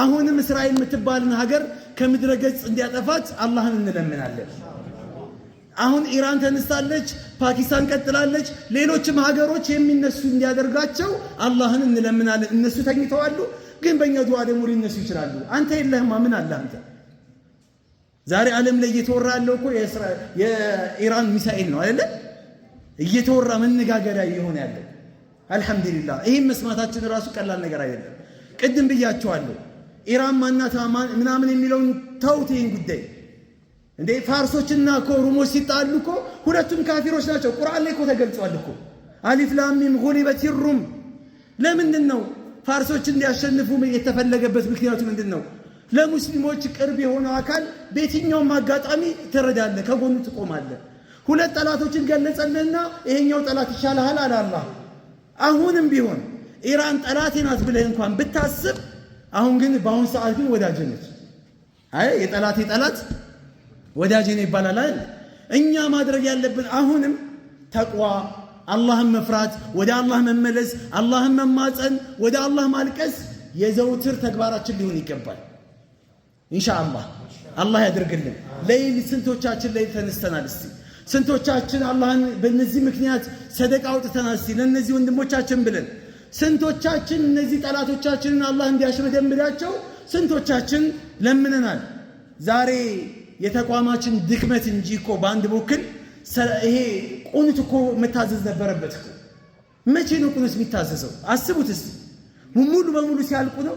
አሁንም እስራኤል የምትባልን ሀገር ከምድረ ገጽ እንዲያጠፋት አላህን እንለምናለን። አሁን ኢራን ተነስታለች፣ ፓኪስታን ቀጥላለች፣ ሌሎችም ሀገሮች የሚነሱ እንዲያደርጋቸው አላህን እንለምናለን። እነሱ ተኝተዋሉ፣ ግን በእኛ ዱዓ ደግሞ ሊነሱ ይችላሉ። አንተ የለህማ ምን አለ አንተ። ዛሬ ዓለም ላይ እየተወራ ያለው እኮ የኢራን ሚሳኤል ነው አይደለ? እየተወራ መነጋገሪያ እየሆነ ያለው አልሐምዱሊላህ። ይህም መስማታችን ራሱ ቀላል ነገር አይደለም። ቅድም ብያቸዋለሁ። ኢራን ማናት ምናምን የሚለውን ተውት። ይህን ጉዳይ እንዴ ፋርሶችና እኮ ሩሞች ሲጣሉ እኮ ሁለቱም ካፊሮች ናቸው። ቁርአን ላይ እኮ ተገልጿል እኮ አሊፍ ላም ሚም ጉሊበት ሩም። ለምንድን ነው ፋርሶች እንዲያሸንፉ የተፈለገበት ምክንያቱ ምንድን ነው? ለሙስሊሞች ቅርብ የሆነው አካል በየትኛውም አጋጣሚ ትረዳለህ፣ ከጎኑ ትቆማለህ። ሁለት ጠላቶችን ገለጸልንና ይሄኛው ጠላት ይሻልሃል አለ አላህ። አሁንም ቢሆን ኢራን ጠላቴ ናት ብለህ እንኳን ብታስብ አሁን ግን በአሁን ሰዓት ግን ወዳጅ ነች። አይ የጠላቴ ጠላት ወዳጅ ነው ይባላል አይደል? እኛ ማድረግ ያለብን አሁንም ተቅዋ አላህን መፍራት፣ ወደ አላህ መመለስ፣ አላህን መማፀን፣ ወደ አላህ ማልቀስ የዘውትር ተግባራችን ሊሆን ይገባል። ኢንሻአላህ አላህ ያድርግልን። ለይል ስንቶቻችን ለይል ተነስተናል እስቲ ስንቶቻችን አላህን በእነዚህ ምክንያት ሰደቃ አውጥተናል እስቲ ለእነዚህ ወንድሞቻችን ብለን ስንቶቻችን እነዚህ ጠላቶቻችንን አላህ እንዲያሽመደምዳቸው ስንቶቻችን ለምነናል። ዛሬ የተቋማችን ድክመት እንጂ እኮ በአንድ በኩል ይሄ ቁንት እኮ መታዘዝ ነበረበት መቼ ነው ቁንት የሚታዘዘው? አስቡት እስቲ ሙሉ በሙሉ ሲያልቁ ነው